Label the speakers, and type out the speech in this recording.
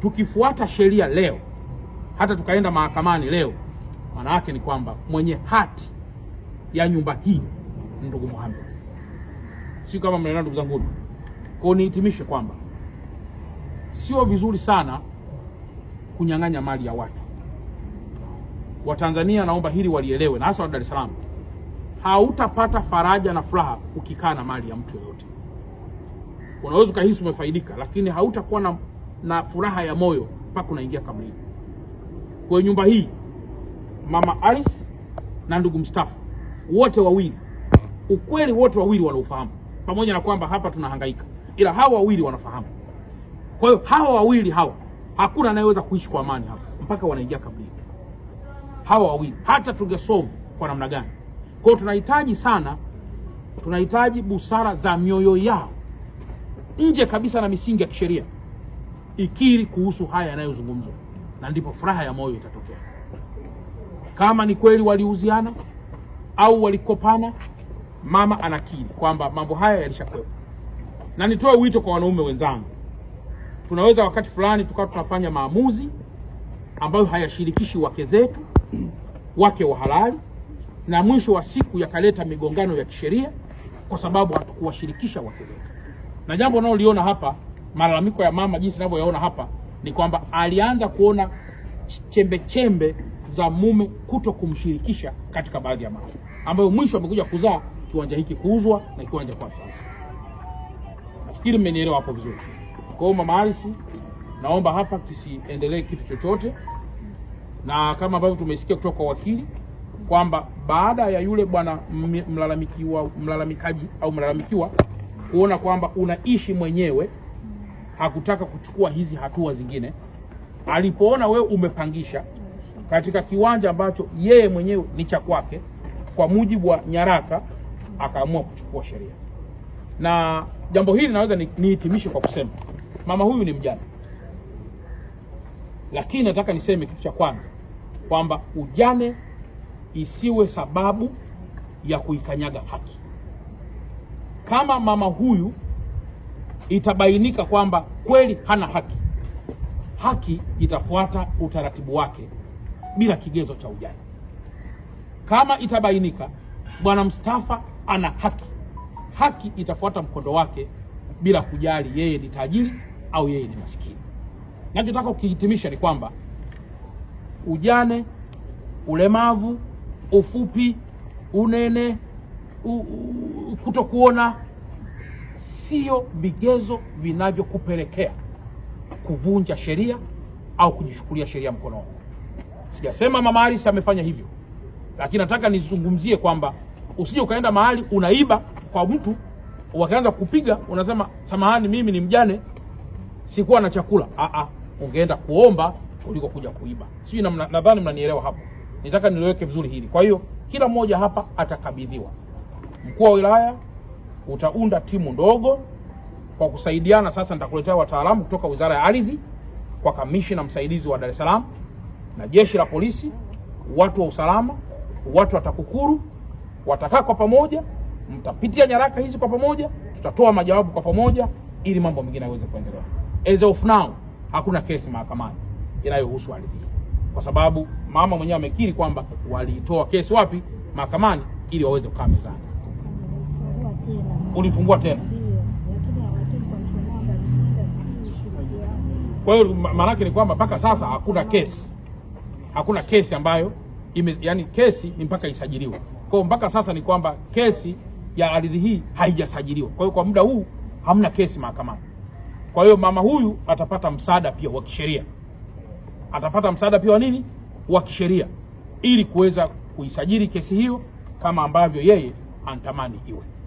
Speaker 1: Tukifuata sheria leo, hata tukaenda mahakamani leo, maana yake ni kwamba mwenye hati ya nyumba hii ndugu Mohamed, si kama mnaelewa ndugu zangu. Kwa nihitimishe kwamba sio vizuri sana kunyang'anya mali ya watu. Watanzania naomba hili walielewe, na hasa wa Dar es Salaam. Hautapata faraja na furaha ukikaa na mali ya mtu yoyote. Unaweza ukahisi umefaidika, lakini hautakuwa na na furaha ya moyo mpaka unaingia kabrini. Kwa nyumba hii Mama Alice na ndugu Mustafa wote wawili, ukweli wote wawili wanaofahamu pamoja na kwamba hapa tunahangaika, ila hawa wawili wanafahamu. Kwa hiyo hawa wawili hawa, hakuna anayeweza kuishi kwa amani hapa mpaka wanaingia kabrini hawa wawili, hata tungesolve kwa namna gani. Kwa hiyo tunahitaji sana, tunahitaji busara za mioyo yao nje kabisa na misingi ya kisheria ikiri kuhusu haya yanayozungumzwa, na ndipo furaha ya moyo itatokea. Kama ni kweli waliuziana au walikopana, mama anakiri kwamba mambo haya yalishakuwepo. Na nitoe wito kwa wanaume wenzangu, tunaweza wakati fulani tukawa tunafanya maamuzi ambayo hayashirikishi wake zetu, wake wa halali, na mwisho wa siku yakaleta migongano ya kisheria kwa sababu hatukuwashirikisha wake zetu, na jambo unaloliona hapa malalamiko ya mama jinsi ninavyoyaona hapa ni kwamba alianza kuona chembe chembe za mume kuto kumshirikisha katika baadhi ya mambo ambayo mwisho amekuja kuzaa kiwanja hiki kuuzwa na kiwanja kwa sasa. Nafikiri mmenielewa hapo vizuri. Kwa hiyo mama Alice, naomba hapa kisiendelee kitu chochote, na kama ambavyo tumesikia kutoka kwa wakili kwamba baada ya yule bwana mlalamikaji au mlalamikiwa kuona kwamba unaishi mwenyewe hakutaka kuchukua hizi hatua zingine, alipoona wewe umepangisha katika kiwanja ambacho yeye mwenyewe ni cha kwake, kwa mujibu wa nyaraka, akaamua kuchukua sheria. Na jambo hili naweza nihitimishe ni kwa kusema mama huyu ni mjane, lakini nataka niseme kitu cha kwanza kwamba ujane isiwe sababu ya kuikanyaga haki. Kama mama huyu itabainika kwamba kweli hana haki, haki itafuata utaratibu wake bila kigezo cha ujana. Kama itabainika bwana Mustafa ana haki, haki itafuata mkondo wake bila kujali yeye ni tajiri au yeye ni maskini. Nachotaka kukihitimisha ni kwamba ujane, ulemavu, ufupi, unene, kutokuona sio vigezo vinavyokupelekea kuvunja sheria au kujichukulia sheria mkononi. Sijasema Mama Harris amefanya hivyo, lakini nataka nizungumzie kwamba usije ukaenda mahali unaiba kwa mtu, wakaanza kupiga, unasema samahani, mimi ni mjane, sikuwa na chakula. Aa, ungeenda kuomba kuliko kuja kuiba. Sijui, nadhani mnanielewa hapo. Nitaka niliweke vizuri hili. Kwa hiyo kila mmoja hapa atakabidhiwa mkuu wa wilaya utaunda timu ndogo kwa kusaidiana. Sasa nitakuletea wataalamu kutoka Wizara ya Ardhi kwa kamishina msaidizi wa Dar es Salaam na jeshi la polisi, watu wa usalama, watu wa TAKUKURU. Watakaa kwa pamoja, mtapitia nyaraka hizi kwa pamoja, tutatoa majawabu kwa pamoja ili mambo mengine yaweze kuendelea. As of now hakuna kesi mahakamani inayohusu ardhi kwa sababu mama mwenyewe amekiri kwamba waliitoa kesi wapi mahakamani ili waweze kukaa mezani ulifungua tena. Kwa hiyo maanake ni kwamba mpaka sasa hakuna kesi, hakuna kesi ambayo ime, yani kesi ni mpaka isajiliwe. Kwa hiyo mpaka sasa ni kwamba kesi ya ardhi hii haijasajiliwa. Kwa hiyo kwa muda huu hamna kesi mahakamani. Kwa hiyo mama huyu atapata msaada pia wa kisheria, atapata msaada pia wa nini, wa kisheria ili kuweza kuisajili kesi hiyo kama ambavyo yeye anatamani iwe.